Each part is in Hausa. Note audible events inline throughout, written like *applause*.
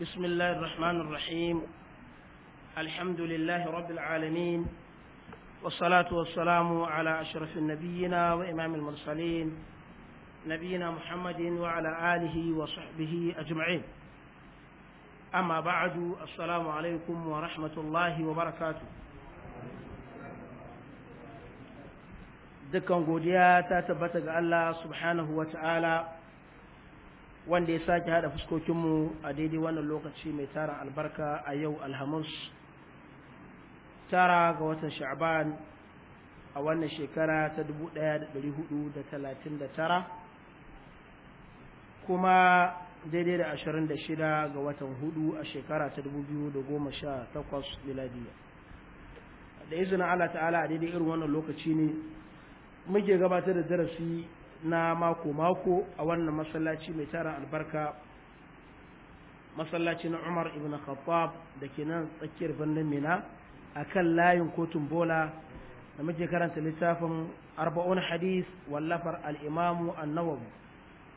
بسم الله الرحمن الرحيم الحمد لله رب العالمين والصلاة والسلام على أشرف النبينا وإمام المرسلين نبينا محمد وعلى آله وصحبه أجمعين أما بعد السلام عليكم ورحمة الله وبركاته دكان قوديا تتبتق الله سبحانه وتعالى wanda ya sake hada fuskokinmu a daidai wannan lokaci mai tara albarka a yau alhamis tara ga watan sha'ban a wannan shekara ta 1439 kuma daidai da 26 ga watan hudu a shekara ta 2018 miladiya da izinin Allah ta'ala a daidai irin wannan lokaci ne muke gabatar da darasi na mako-mako a wannan masallaci mai tara albarka masallaci na umar ibn khattab da ke nan tsakiyar birnin mina a kan layin kotun bola da muke karanta littafin arba'un hadis wallafar al'imamu annawawi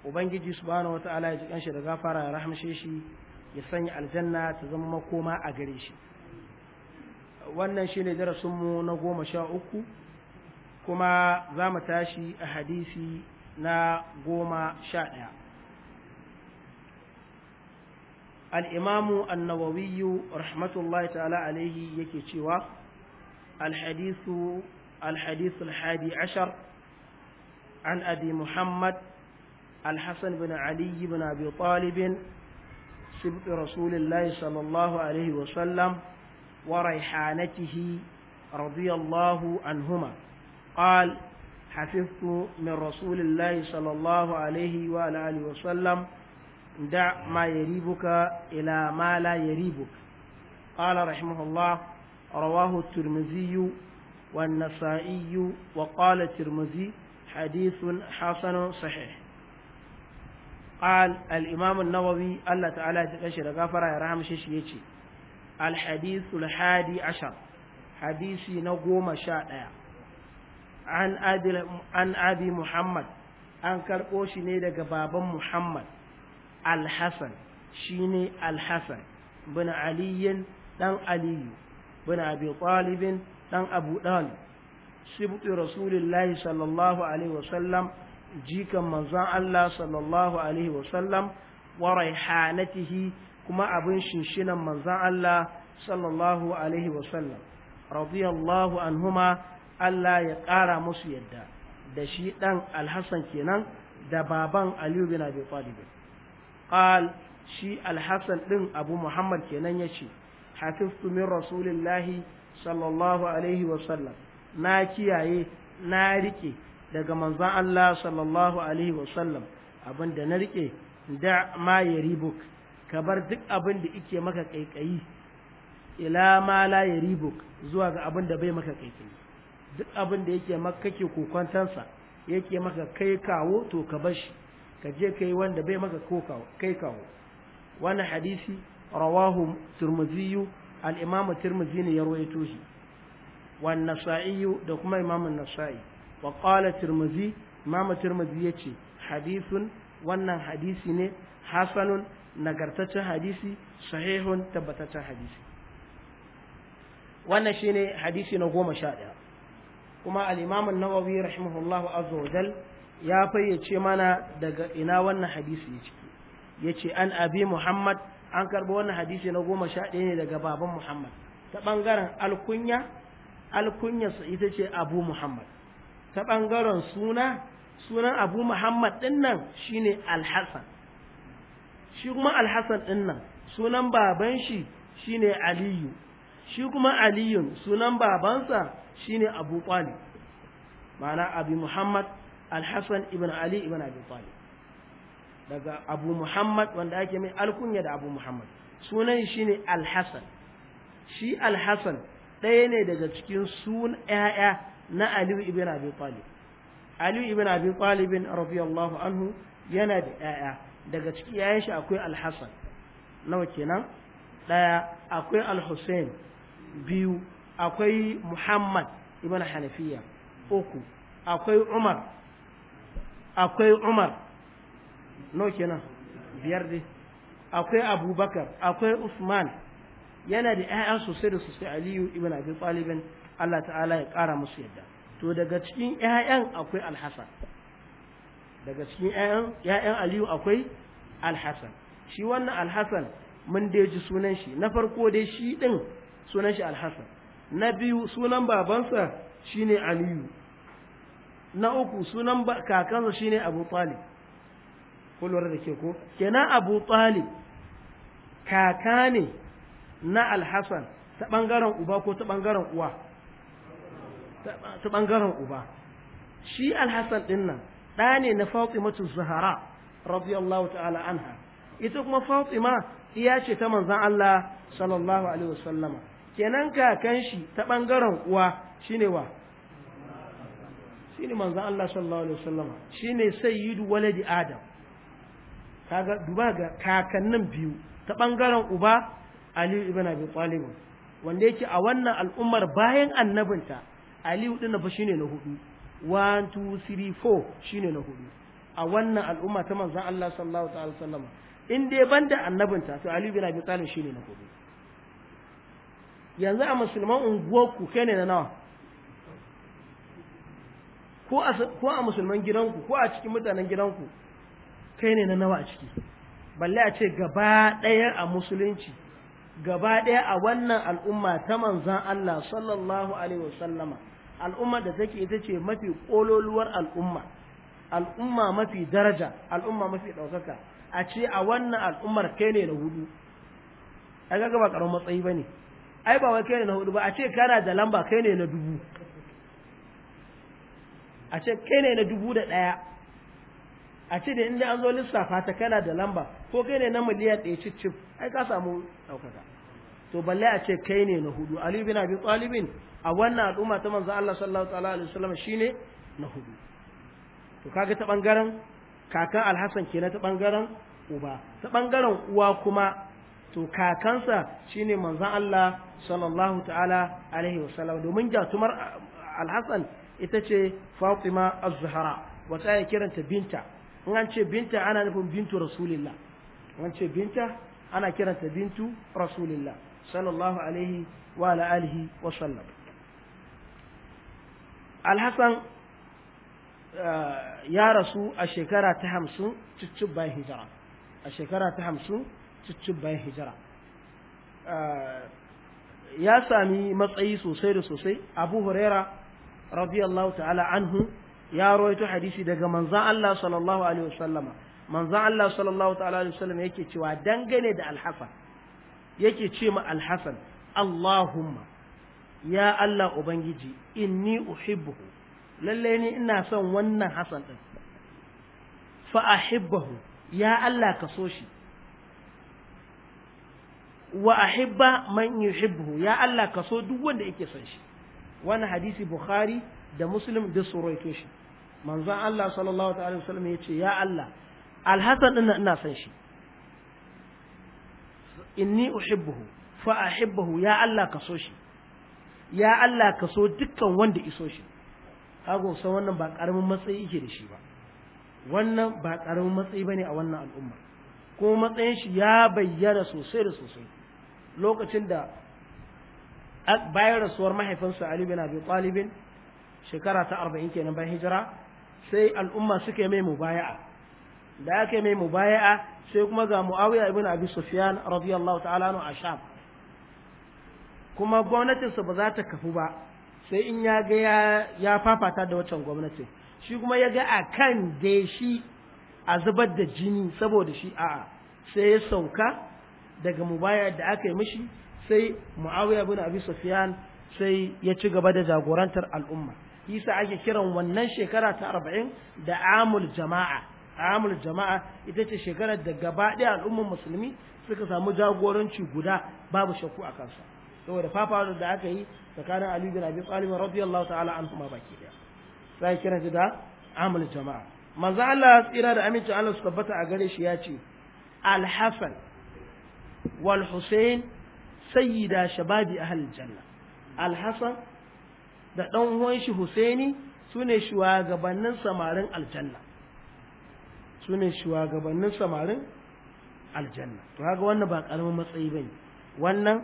ubangiji subhanahu wata'ala ya ji kanshi da gafara ya rahamshe shi ya sanya aljanna ta zama makoma a gare shi wannan shine darasinmu na goma sha uku kuma za mu tashi a hadisi na goma sha ɗaya al'imamu annawawiyu rahmatullahi ta'ala alaihi yake cewa alhadisu alhadisu alhadi ashar an abi muhammad الحسن بن علي بن أبي طالب سبط رسول الله صلى الله عليه وسلم وريحانته رضي الله عنهما قال حفظت من رسول الله صلى الله عليه وعلى آله وسلم دع ما يريبك إلى ما لا يريبك قال رحمه الله رواه الترمذي والنسائي وقال الترمذي حديث حسن صحيح قال الإمام النووي الله تعالى تكشر غفر يرحم شيشيتي الحديث الحادي عشر حديثي نقوم شاء an abi an abi muhammad an karɓo shi ne daga baban muhammad al-hasan shine al-hasan bin aliyin dan aliyu bin abi talibin dan abu dalib sibtu rasulillahi sallallahu alaihi wasallam jikan manzon Allah sallallahu alaihi wasallam wa raihanatihi kuma abin shinshinan manzon Allah sallallahu alaihi wasallam radiyallahu anhuma Allah ya ƙara musu yadda da shi ɗan alhassan kenan da baban aliyu bin abi talib qal shi alhassan ɗin abu muhammad kenan ya ce hafiztu min rasulillahi sallallahu alaihi wa sallam na kiyaye na rike daga manzon Allah sallallahu alaihi wa sallam abinda na rike da ma yaribuk ka bar duk abin da yake maka kaikayi ila ma la yaribuk zuwa ga abin da bai maka kaikayi duk abin da yake maka kake kokwantansa yake maka kai kawo to ka bar ka je kai wanda bai maka kai kawo wannan hadisi rawahu turmuziyu al-imam turmuzi ne ya rawaito shi wan nasa'i da kuma imam nasai wa qala turmuzi imam turmuzi yace hadithun wannan hadisi ne hasanun nagartaccen hadisi sahihun tabbataccen hadisi wannan shine hadisi na goma sha ɗaya kuma al-imam an-nawawi rahimahullahu azza ya fayyace mana daga ina wannan hadisi ya ciki yace an abi muhammad an karba wannan hadisi na goma sha ɗaya ne daga baban muhammad ta bangaren alkunya alkunya su ita ce abu muhammad ta bangaren suna sunan abu muhammad din nan shine alhassan shi kuma alhassan din nan sunan baban shi shine aliyu shi kuma aliyun sunan babansa shine abu talib ma'ana Abi muhammad alhassan ibn ali ibn abi talib daga abu muhammad wanda ake mai alkunya da abu muhammad sunan shine alhassan shi alhassan ɗaya ne daga cikin sun ƴaƴa na ali ibn abi talib ali ibn abi talib radiyallahu anhu yana da ƴaƴa daga ciki yayin shi akwai alhassan nawa kenan ɗaya akwai Al-Hussein biyu akwai muhammad ibn hanafiya uku akwai umar akwai umar no kenan biyar dai akwai abubakar akwai usman yana da 'ya'ya sosai da sosai aliyu ibn abi Talib allah ta'ala ya ƙara musu yadda to daga cikin ƴaƴan akwai Al-Hasan daga cikin ƴaƴan aliyu akwai Al-Hasan shi wannan Al-Hasan mun dai ji sunan shi na farko dai shi ɗin sunan shi Al-Hasan na biyu sunan babansa shine aliyu na uku sunan kakansa shine abu talib kullum da ke ko kenan abu talib kaka ne na alhassan ta ɓangaren uba ko ta ɓangaren uwa ta ɓangaren uba shi alhassan ɗin nan ɗa ne na fatimatu zahara radiyallahu ta'ala anha ita kuma ma iya ce ta manzan Allah sallallahu alaihi wasallama kenan kakan shi ta ɓangaren uwa shine wa shine manzon Allah sallallahu alaihi wasallam shine sayyidu waladi adam kaga duba ga kakannin biyu ta ɓangaren uba Aliyu ibn Abi Talib wanda yake a wannan al'ummar bayan annabinta Aliyu din fa shine na hudu 1 2 3 4 shine na hudu a wannan al'umma ta manzon Allah sallallahu alaihi wasallam in dai banda annabinta to Aliyu ibn Abi Talib shine na hudu yanzu a musulman unguwarku kai ne na nawa ko a musulman gidanku ko a cikin mutanen gidanku kai ne na nawa a ciki balle a ce gaba ɗaya a musulunci gaba ɗaya a wannan al'umma ta manzan Allah sallallahu alaihi wasallama al'umma da take ita ce mafi ƙololuwar al'umma al'umma mafi daraja al'umma mafi ɗaukaka a ce a wannan al'ummar kai ne na hudu a gaba ƙaramin matsayi ba ne ai ba wai kai ne na hudu ba a ce kana da lamba kai ne na dubu a ce kai ne na dubu da ɗaya a ce da inda an zo lissafa ta kana da lamba ko kai ne na miliyan ɗaya cicif ai ka samu ɗaukaka to balle a ce kai ne na hudu ali bin abi talibin a wannan al'umma ta manzo Allah sallallahu ta'ala alaihi wasallam shine na hudu to kaga ta bangaren kakan alhassan kenan ta bangaren uba ta bangaren uwa kuma to kakansa shine manzan Allah sallallahu ta'ala alaihi wasallam domin jatumar alhassan ita ce fatima az-zahra wata ya kiranta binta in an ce binta ana nufin bintu rasulillah in an ce binta ana kiranta bintu rasulillah sallallahu alaihi wa ala alihi wa sallam alhassan eh, ya rasu a shekara ta hamsin ciccin bayan hijira a shekara ta hamsin ciccin bayan hijira eh, ya sami matsayi sosai da sosai abu huraira radiyallahu ta'ala anhu ya rawaito hadisi daga manzan Allah sallallahu alaihi wasallama manzan Allah sallallahu ta'ala alaihi wasallama yake cewa dangane da alhasan yake ce ma alhasan Allahumma ya Allah ubangiji inni uhibbuhu lalle ni ina son wannan hasan din fa ahibbahu ya Allah ka so shi wa ahibba man yuhibbu ya Allah ka so duk wanda yake son shi wannan hadisi bukhari da muslim da suraito shi manzon Allah sallallahu alaihi wasallam ya ce ya Allah alhasan ina ina son shi inni uhibbuhu fa ahibbahu ya Allah ka so shi ya Allah ka so dukkan wanda iso shi kago san wannan ba karamin matsayi yake da shi ba wannan ba karamin matsayi bane a wannan al'umma kuma matsayin shi ya bayyana sosai da sosai lokacin da bayan rasuwar mahaifinsa Ali bin Abi Talib shekara ta arba'in kenan bayan hijira sai al'umma suke mai mubaya'a da aka mai mubaya'a sai kuma ga Muawiya ibn Abi Sufyan radiyallahu ta'ala anhu a Sham kuma gwamnatinsa ba za ta kafu ba sai in ya ga ya fafata da waccan gwamnati, shi kuma ya ga akan da shi a zubar da jini saboda shi a'a sai ya sauka daga mubaya da aka yi mishi sai muawiya bin abi sufyan sai ya ci gaba da jagorantar al'umma isa ake kiran wannan shekara ta arba'in da amul jama'a amul jama'a ita ce shekarar da gaba ɗaya al'ummar musulmi suka samu jagoranci guda babu shakku a kansa saboda fafawar da aka yi tsakanin ali bin abi talib radiyallahu ta'ala anhu ma baki daya sai kiran da amul jama'a manzo Allah tsira da amincin Allah su tabbata a gare shi ya ce al-hasan wal سيدا شباب shababi ahlul الحسن al Hasan da ɗan uwan shi Husaini sune shugabannin samarin aljanna sune shugabannin samarin aljanna to kaga wannan ba ƙaramin matsayi bane wannan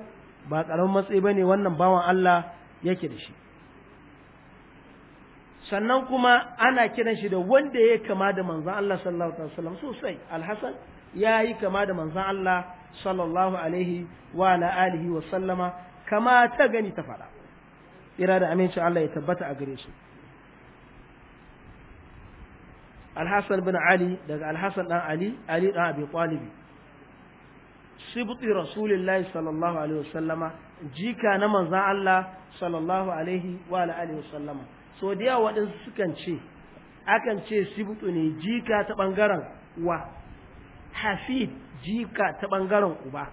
ba ƙaramin matsayi bane wannan bawan Allah yake da shi sannan kuma ana kiran shi da wanda ya kama da manzon Allah sallallahu alaihi wasallam sosai alhasan ya yi kama da manzan Allah sallallahu alaihi wa ala alihi wa sallama kama ta gani ta faɗa ira da amincin Allah ya tabbata a gare su Alhassan bin Ali daga Alhassan dan Ali Ali dan Abi Talib sibti rasulillahi sallallahu alaihi wa sallama jika na manzan Allah sallallahu alaihi wa ala alihi wa sallama so da yawa waɗansu sukan ce akan ce sibtu ne jika ta ɓangaren wa hafid jika ta bangaren uba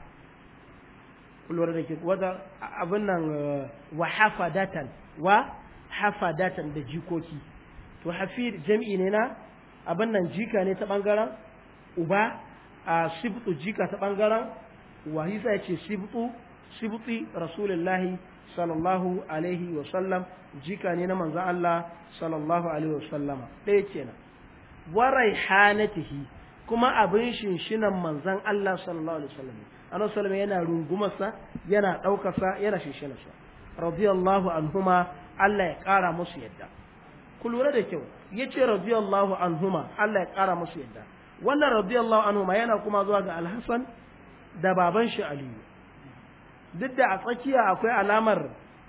kullum da ke wata abin nan eh, wa hafadatan wa hafadatan da jikoki to hafid jam'i ne na abin nan jika ne ta bangaren uba a sibtu jika ta bangaren wa hisa ya ce sibtu sibti rasulullahi sallallahu alaihi wa sallam jika ne na manzo Allah sallallahu alaihi wa sallama ɗaya kenan wa raihanatihi kuma abin shinshinan manzan Allah sallallahu alaihi wasallam annabi sallallahu yana rungumarsa yana ɗaukarsa yana shinshinarsa radiyallahu anhuma Allah ya ƙara musu yadda ku lura da kyau ya ce radiyallahu anhuma Allah ya ƙara musu yadda wannan radiyallahu anhuma yana kuma zuwa ga al da baban shi Aliyu duk da a tsakiya akwai alamar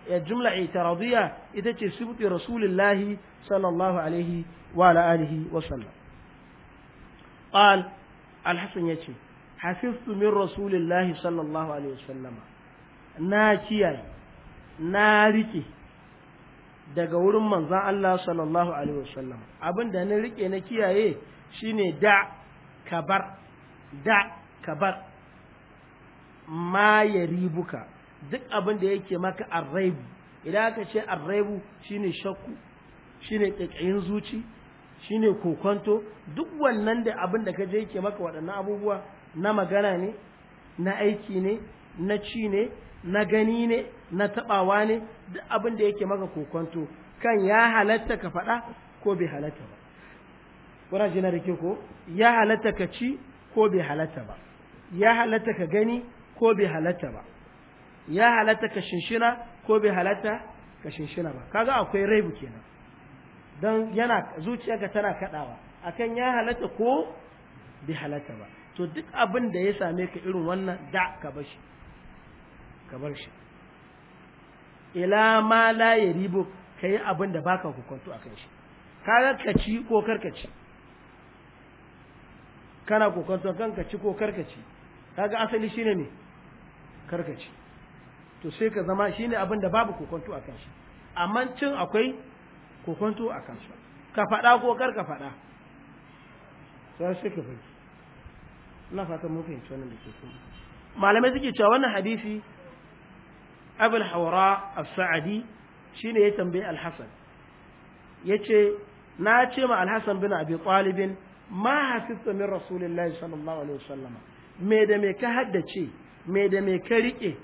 eh, jumla itiradiyya ita ce sibti Rasulillahi sallallahu alaihi wa alihi wa sallam قال الحسن يتي yace من رسول الله sallallahu alaihi عليه na kiyaye na daga wurin manzan Allah sallallahu alaihi wasallam abinda na rike na kiyaye shine da kabar da kabar ma ribuka duk abin da yake maka arraibu idan ka ce arraibu shine shakku shine kakayin zuci Shi ne kokonto duk wannan da abin da ka je ke maka waɗannan abubuwa na magana ne na aiki ne na ci ne na gani ne na taɓawa ne duk abin da yake maka kokonto kan ya halatta ka faɗa ko bai halatta ba kuna ji na rike ko ya halatta ka ci ko bai halatta ba ya halatta ka gani ko bai halatta ba ya halatta ka shinshina ko bai halatta ka shinshina ba kaga akwai raibu kenan don yana zuciyarka tana kadawa akan ya halatta ko bi halatta ba to duk abin da ya same ka irin wannan da ka bar shi ka bar shi ila ma la ka kai abin da baka hukuntu akan shi Ka ka ci ko karka ci kana kan ka ci ko karka ci kaga asali shine ne karka ci to sai ka zama shine abin da babu kokonto akan shi amma cin akwai Ko kwanto a kansa ka faɗa ko kar ka faɗa sai sai ka faɗi ina fatan mun fahimci wannan da ke kuma malamai suke cewa wannan hadisi abul hawara as-sa'adi shine ya tambayi al-hasan yace na ce ma al-hasan bin abi talib ma hasibta min rasulillahi sallallahu alaihi wasallam me da me ka haddace me da me ka rike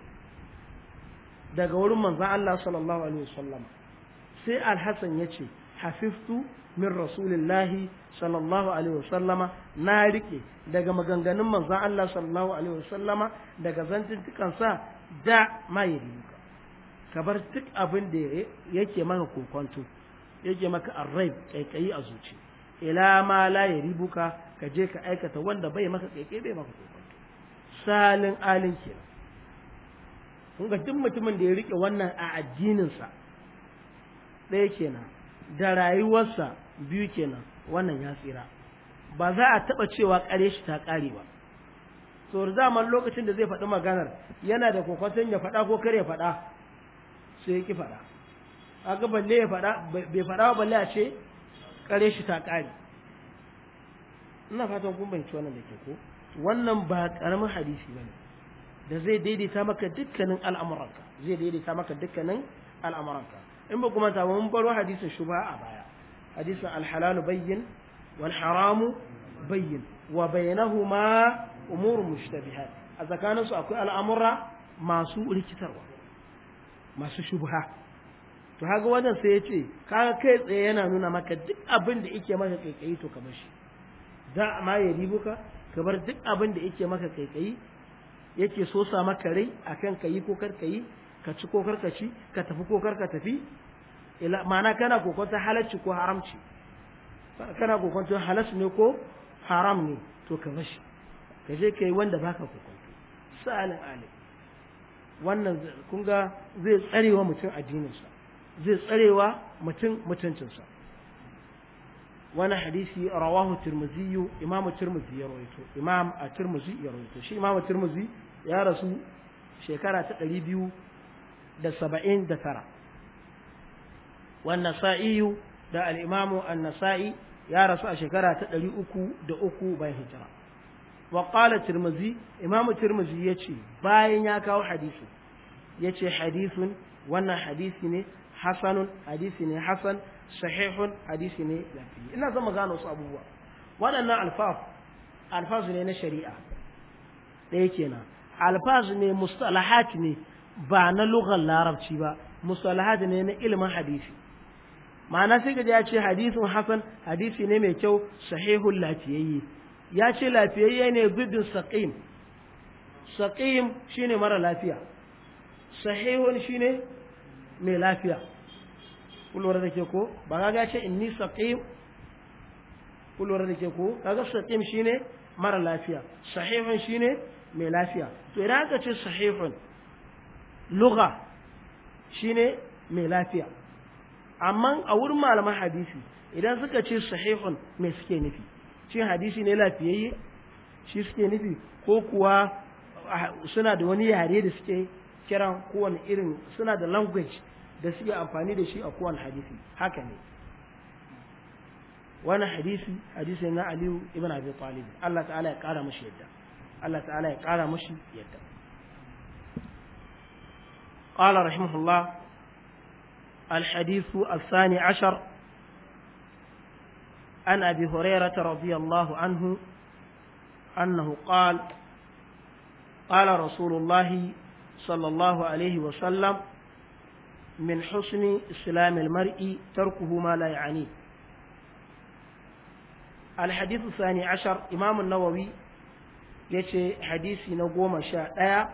daga wurin manzon Allah sallallahu alaihi wasallam sai alhassan ya ce hafiftu min rasulillahi sallallahu alaihi wasallama na rike daga maganganun manzon Allah sallallahu alaihi wasallama daga zantuntukansa da mayiri ka bar duk abin da yake maka kokonto yake maka arrai kaikayi a zuci ila ma la yaribuka ka je ka aikata wanda bai maka kaikayi bai maka kokonto salin alin kenan kun ga duk mutumin da ya rike wannan a addinin sa ɗaya kenan da rayuwarsa biyu kenan wannan ya tsira ba za a taɓa cewa ƙare shi ta ƙare ba to zaman lokacin da zai faɗi maganar yana da kwakwaton ya faɗa ko kare faɗa sai ya ki faɗa aga balle ya faɗa bai faɗa ba balle a ce ƙare shi ta ƙare ina fatan kun bayyana wannan da ke ko wannan ba ƙaramin hadisi ba ne da zai daidaita maka dukkanin al'amuranka zai daidaita maka dukkanin al'amuranka in ba kuma ta mun baro hadisin shubha a baya hadisin alhalalu bayyin wal haram bayyin wa bainahuma umur mushtabihat a tsakanin su akwai al'amura masu rikitarwa masu shubha to haka wannan sai yace kaga kai tsaye yana nuna maka duk abin da yake maka kaikayi to kamar shi da ma ya ribuka kamar duk abin da yake maka kaikayi yake so sa maka rai akan kai ko kar kayi ka ci ko karka ci ka tafi ko karka tafi ila ma'ana kana kokonta halacci ko haramci kana kokonta halas ne ko haram ne to ka bashi ka je kai wanda baka kokonta sa'alin alim wannan kun ga zai tsarewa mutum addininsa zai tsarewa mutum mutuncinsa wani hadisi rawahu tirmizi imamu tirmizi ya rawaito imam a tirmizi ya rawaito shi imamu tirmizi ya rasu shekara ta ɗari biyu da saba'in da tara wannan sa'iyu da al'imamu annasa'i ya rasu a shekara ta ɗari uku da uku bayan hijira wa ƙala tirmizi imamu tirmizi ya ce bayan ya kawo hadisi ya ce hadisun wannan hadisi ne hasanun hadisi ne hasan sahihun hadisi ne lafiya ina zama gano su abubuwa waɗannan alfaf alfazu ne na shari'a ɗaya kenan alfazu ne mustalahat ne ba na lukan larabci ba mustalahat ne na ilimin hadisi ma'ana sai kaji ya ce hadisin hasan hadisi ne mai kyau sahihul lafiyayye ya ce lafiyayye ne zubin saqim saqim shine mara lafiya sahihun shine mai lafiya kullura da ke ko ba ga ce inni saqim kullura da ke ko kaga saqim shine mara lafiya sahihun shine mai lafiya to idan aka ce sahihun lugha shine mai lafiya amma a wurin malaman hadisi idan suka ce sahihun me suke nufi shin hadisi ne lafiyayye shi suke nufi ko kuwa suna da wani yare da suke kira kowane irin suna da language da suke amfani da shi a kowane hadisi haka ne wani hadisi hadisi na aliyu ibn abi talib Allah ta'ala ya kara mashi yadda Allah ta'ala ya kara mashi yadda رحمه الله الحديث الثاني عشر عن أبي هريرة رضي الله عنه أنه قال قال رسول الله صلى الله عليه وسلم من حسن إسلام المرء تركه ما لا يعنيه الحديث الثاني عشر إمام النووي يتي حديثي نقوم شاء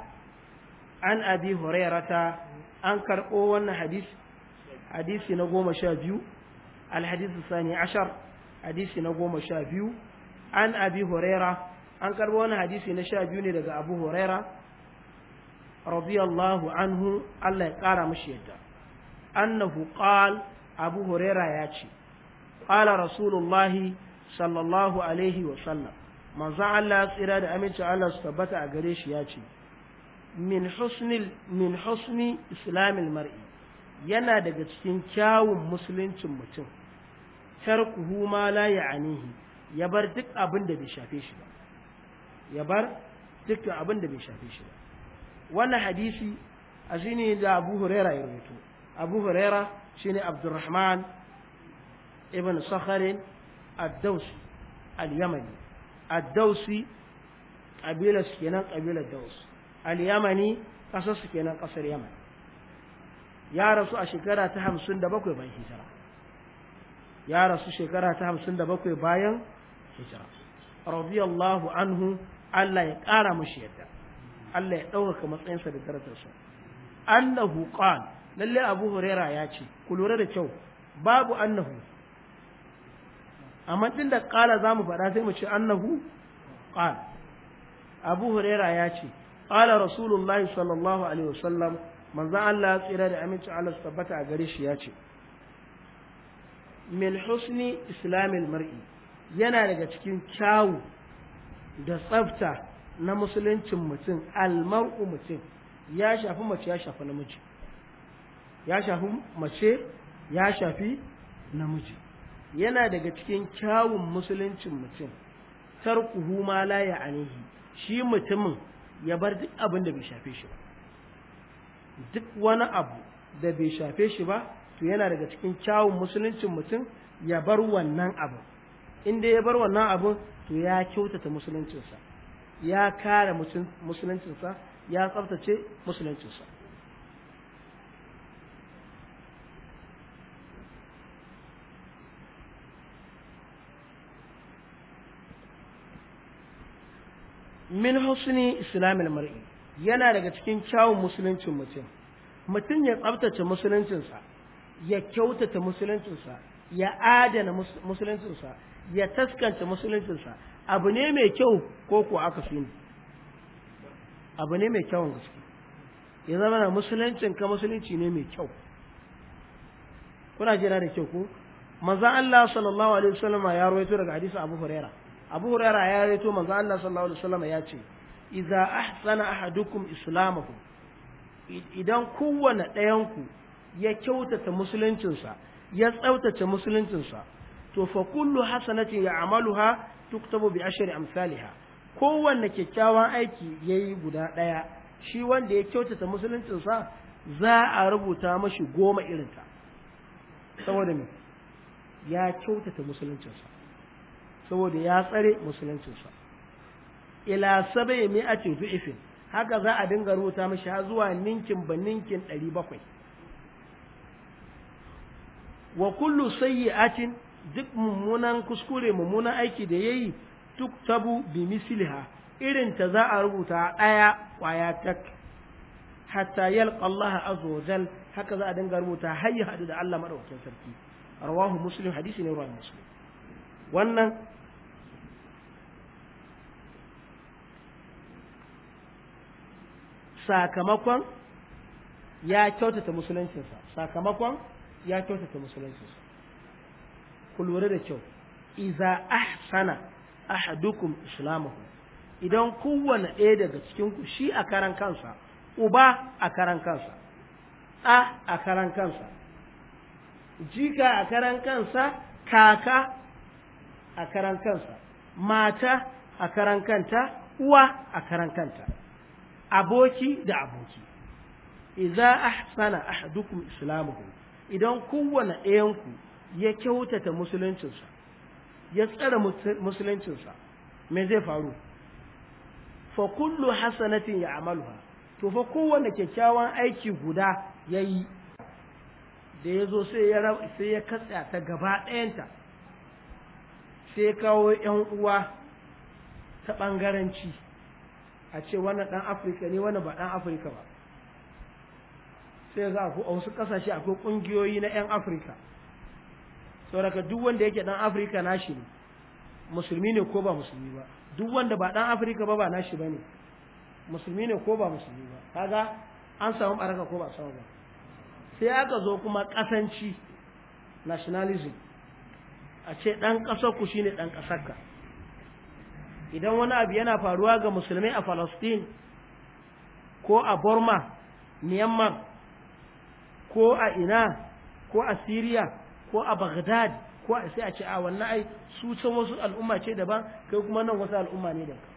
عن أبي هريرة أنكر أول حديث hadisi na goma sha biyu alhadisu sani ashar hadisi na goma sha biyu an abi horera an karbo wani hadisi na sha biyu ne daga abu horera radiyallahu anhu Allah ya kara mashi yadda annahu qal abu horera ya ce qala rasulullahi sallallahu alaihi wa sallam manzo Allah tsira da aminci Allah su tabbata a gare shi ya ce min husnil min husni islamil mar'i yana daga cikin kyawun musuluncin mutum ku huma la ya'anihi ya bar duk abin da bai shafe shi ba ya bar duk abin da bai shafe shi ba wannan hadisi a ne da Abu Huraira ya rubuto Abu Huraira ne Abdurrahman ibn Sakharin ad-Dawsi al-Yamani ad-Dawsi su kenan kabilar dausi al-Yamani kasar su kenan kasar yamani. ya rasu a shekara ta hamsin da bakwai bayan hijira ya rasu shekara ta hamsin da bakwai bayan hijira radiyallahu anhu Allah ya ƙara mashi yadda Allah ya ɗaukaka matsayinsa da darajarsa annahu qan lalle abu huraira ya ce ku lura da kyau babu annahu amma tun da ƙala za mu faɗa sai mu ce annahu qan. abu huraira ya ce qala rasulullahi sallallahu alaihi wasallam manzan Allah tsira da aminci Allah su tabbata a gare shi ya ce min husni islamil mar'i yana daga cikin kyawu da tsafta na musuluncin mutum almar'u mutum ya shafi mace ya shafi namiji ya shafi mace ya shafi namiji yana daga cikin kyawun musuluncin mutum tarkuhu ma la ya anihi shi mutumin ya bar duk abin da bai shafe shi ba duk wani abu da bai shafe shi ba to yana daga cikin kyawun musuluncin mutum ya bar wannan abu inda ya bar wannan abun to ya kyautata musuluncinsa ya kare musuluncinsa ya tsabtace musuluncinsa min husni islamil mar'i yana daga cikin kyawun musuluncin mutum mutum ya tsabtace musuluncinsa ya kyautata musuluncinsa ya adana musuluncinsa ya taskanta musuluncinsa abu ne mai kyau ko ko aka fi abu ne mai kyawun gaske ya zama na musuluncin ka musulunci ne mai kyau kuna jira da kyau ko maza Allah sallallahu alaihi wasallam ya rawaito daga hadisi Abu hurera Abu hurera ya rawaito maza Allah sallallahu alaihi wasallam ya ce idza ahsana ahadukum islamahu idan kowane ɗayanku ya kyautata musuluncinsa ya tsautace musuluncinsa to fa kullu hasanatin ya'maluha tuktabu bi ashri amsalha kowanne kyakkyawan aiki yayi guda ɗaya shi wanda ya kyautata musuluncinsa za a rubuta mashi goma irinta saboda me ya kyautata musuluncinsa saboda ya tsare musuluncinsa ila sabai cin fi'ifin haka za a dinga rubuta mashi har zuwa ninkin ba ninkin ɗari bakwai wa kullu sayyi'atin duk mummunan kuskure mummunan aiki da ya yi yayi tabu bi misliha irin ta za a rubuta ɗaya ƙwaya tak hatta yalqa Allah azza wajal haka za a dinga rubuta hayya hadu da Allah madaukakin sarki rawahu muslim hadisi ne rawahu muslim wannan sakamakon ya kyautata musuluncinsa sakamakon ya kyautata musuluncinsa ku lura da kyau iza ahsana ahadukum islamahu idan kowanne ɗaya daga cikin ku shi a karan kansa uba a karan kansa a a karan kansa jika a karan kansa kaka a karan kansa mata a karan kanta uwa a karan kanta aboki da aboki idza ahsana ahadukum islamuhu idan kowane ɗayanku ya kyautata musuluncinsa ya tsara musuluncinsa me zai faru fa kullu hasanatin ya to fa kowane kyakkyawan aiki guda yayi da yazo sai ya sai ya katsa ta gaba ɗayanta sai kawo ‘yan uwa ta ɓangaranci a ce wannan dan afirka ne wannan ba dan afirka ba sai za ku a wasu kasashe akwai kungiyoyi na yan afirka sauraka duk wanda yake dan afirka nashi ne musulmi ne ko ba musulmi ba duk wanda ba dan afirka ba ba nashi ba ne musulmi ne ko ba musulmi ba kaga an samu baraka ko ba samu ba sai aka zo kuma kasanci nationalism a ce dan ƙasarku ku shine dan ƙasarka. ka idan wani abu yana faruwa ga musulmai a Falastin ko a Burma Myanmar ko a ina ko a Syria ko a Baghdad ko a sai a ce a wannan ai su can wasu al'umma ce daban kai kuma nan wasu al'umma ne daban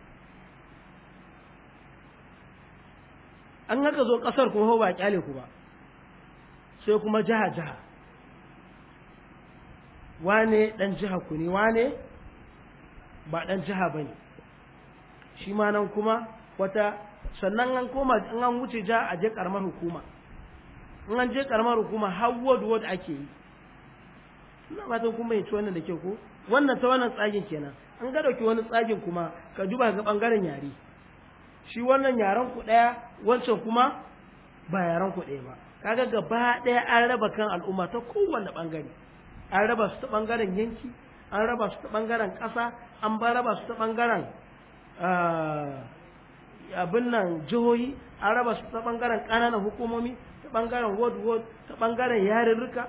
an haka zo kasar kuma ba kyale ku ba sai kuma jiha jiha wane dan jiha ku ne wane ba dan jiha bane shi ma nan kuma wata sannan an koma in an wuce ja a je karamar hukuma in an je karamar hukuma har ward ward ake yi ina fatan kuma yace wannan da ke ko wannan ta wannan tsagin kenan an ga dauki wani tsagin kuma ka duba ga bangaren yare shi wannan yaren ku daya wancan kuma ba yaren ku daya ba kaga gaba daya an raba kan al'umma ta kowanne bangare an raba su ta bangaren yanki an raba su ta bangaren ƙasa an ba raba su ta bangaren eh, abin nan jihohi an raba su ta bangaren ƙananan hukumomi ta bangaren ward ward ta bangaren yarurruka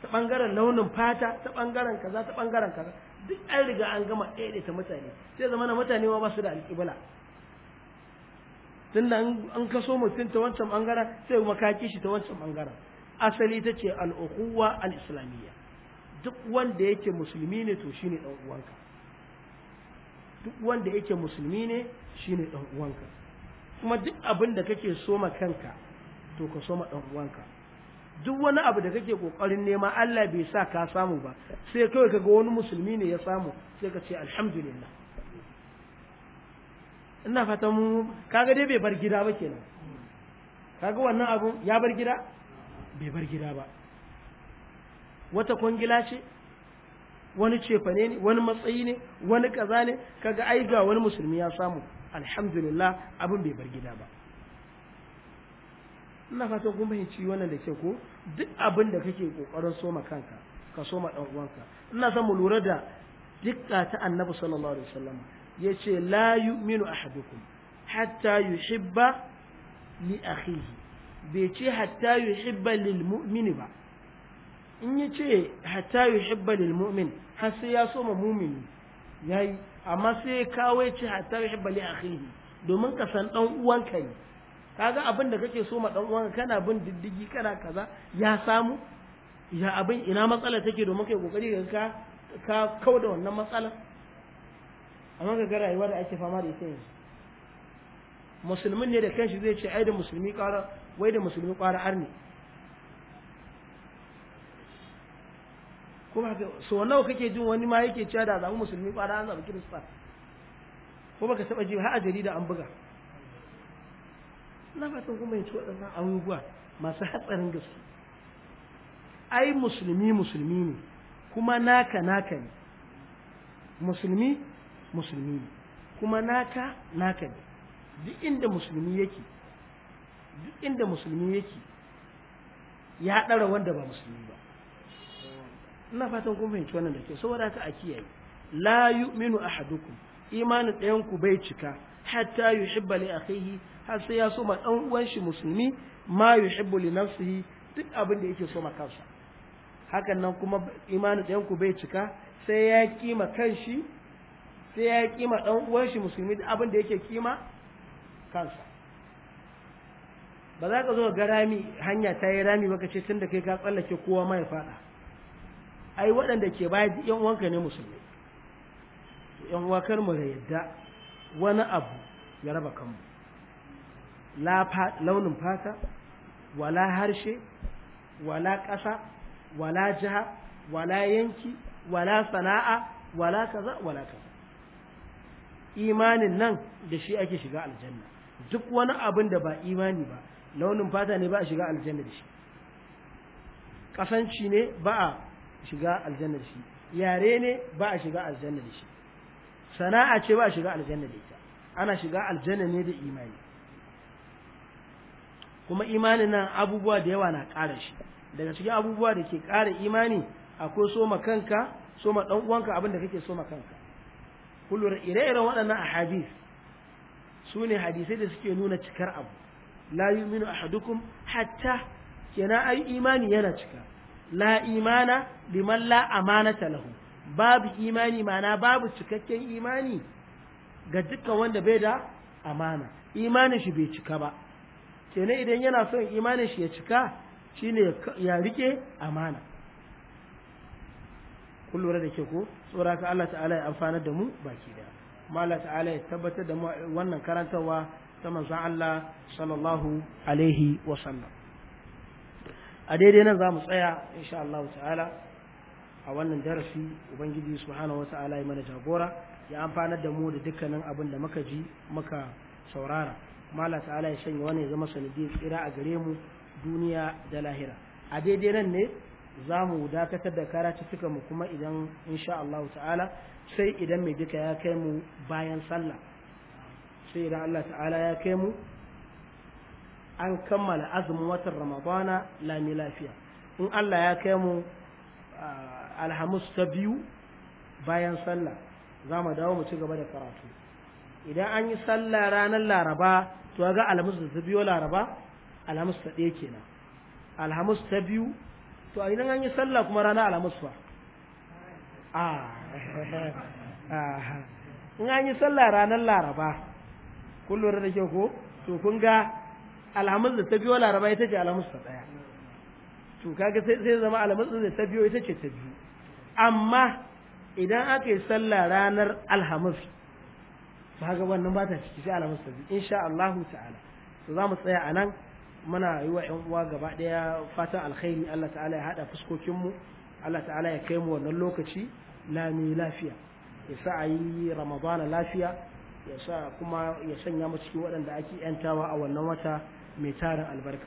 ta bangaren launin fata ta bangaren kaza ta bangaren kaza duk an riga an gama ta mutane sai zama na mutane ma ba su da alƙibla tunda an kaso mutum ta wancan bangaren sai kuma kaki shi ta wancan bangaren asali ta ce al'ukuwa al'islamiyya duk wanda yake musulmi ne to shine dan uwanka duk wanda yake musulmi ne shine dan uwanka kuma duk abin da kake soma kanka to ka so ma dan uwanka duk wani abu da kake kokarin nema Allah bai sa ka samu ba sai kawai kaga wani musulmi ne ya samu sai ka ce alhamdulillah ina fata mu kaga dai bai bar gida ba kenan kaga wannan abun ya bar gida bai bar gida ba wata kwangila ce wani cefane ne wani matsayi ne wani kaza ne kaga ai ga wani musulmi ya samu alhamdulillah abin bai bar gida ba ina fatan kun fahimci wannan da ke ko duk abin da kake kokarin soma kanka ka soma ɗan uwanka ina son mu lura da dukka ta annabi sallallahu alaihi wasallam yace la yu'minu ahadukum hatta yuhibba li akhihi bai ce hatta yuhibba lil mu'mini ba in ya ce hatta yi lil mu'min har sai ya so ma mumini yi, amma sai ya kawo ya ce yi yuhibba li akhihi domin ka san dan ka ne kaga abin da kake so ma dan uwanka kana bin diddigi kana kaza ya samu ya abin ina matsala take domin kai kokari ka ka kau da wannan matsala amma ga rayuwa da ake fama da ita yanzu musulmin ne da kanshi zai ce ai da musulmi ƙara wai da musulmi ƙara arni ko ba so nawa kake jin wani ma yake cewa da zamu musulmi kwara an zabi kirista ko baka taba ji har a jarida an buga na fatan kuma yace waɗannan abubuwa masu hatsarin gaske ai musulmi musulmi ne kuma naka naka ne musulmi musulmi ne kuma naka naka ne duk inda musulmi yake duk inda musulmi yake ya ɗara wanda ba musulmi ba ina fatan kun fahimci wannan da ke saboda haka a kiyaye la yu'minu ahadukum imanin ɗayan ku bai cika hatta yuhibba li akhihi har sai ya so ma dan uwan shi musulmi ma yuhibbu li nafsihi duk abin da yake so ma kansa hakan nan kuma imanin ɗayan ku bai cika sai ya kima kanshi sai ya kima dan uwan shi musulmi duk abin da yake kima kansa ba za ka zo ga rami hanya ta yi rami baka ce tun da kai ka tsallake kowa ma ya fada ai waɗanda ke baya duk yan uwanka ne musulmi to yan uwa kar mu yadda wani abu ya raba kanmu launin fata wala harshe wala ƙasa wala jiha wala yanki wala sana'a wala kaza wala kaza imanin nan da shi ake shiga aljanna duk wani abin da ba imani ba launin fata ne ba a shiga aljanna da shi kasanci ne ba a shiga aljanna shi yare ne ba a shiga aljanna shi sana'a ce ba a shiga aljanna da ita ana shiga aljanna ne da imani kuma imani nan abubuwa da yawa na ƙara shi daga cikin abubuwa da ke ƙara imani akwai soma kanka soma ɗan uwanka abin da kake soma kanka kullum ire-iren waɗannan ahadis su ne hadisai da suke nuna cikar abu la yu'minu ahadukum hatta kenan ai imani yana cika la imana liman la amanata lahu babu imani mana babu cikakken imani ga dukkan wanda bai da amana imanin shi bai cika ba kenan idan yana son imanin shi ya cika shine ya rike amana kun lura da ke ko tsora ka Allah ta'ala ya amfanar da mu baki daya kuma Allah ta'ala ya tabbatar da mu wannan karantarwa ta manzon Allah sallallahu alaihi wa a daidai nan za mu tsaya insha Allah ta'ala a wannan darasi ubangiji subhanahu wata'ala ya mana jagora ya amfanar da mu da dukkanin abin da muka ji muka saurara kuma Allah ta'ala ya sanya wani ya zama sanadi tsira a gare mu duniya da lahira a daidai nan ne za mu dakatar da karatuttukan mu kuma idan insha Allah ta'ala sai idan mai duka ya kai mu bayan sallah sai idan Allah ta'ala ya kai mu an kammala azumin watan ramadana lami lafiya in allah ya kai mu alhamis ta biyu bayan sallah za mu dawo mu ci gaba da karatu idan an yi sallah ranar laraba to ga alhamis da ta biyo laraba alhamis ta ɗaya kenan alhamis ta biyu to idan an yi sallah kuma ranar alhamis fa *laughs* in an yi sallah ranar laraba kullum da ke ko to kun ga alhamis da ta biyo laraba ita ce alhamis ta ɗaya to kaga sai sai zama alhamis da ta biyo ita ce ta biyu amma idan aka yi sallah ranar alhamis ba ga wannan ba ta ciki sai alhamis ta biyu insha Allah ta'ala to za mu tsaya a nan muna yi wa ‘yan uwa gaba ɗaya fatan alkhairi Allah ta'ala ya haɗa fuskokinmu Allah ta'ala ya kai mu wannan lokaci lami lafiya ya sa a yi ramadana lafiya ya sa kuma ya sanya mu cikin waɗanda ake ‘yantawa a wannan wata me al barco.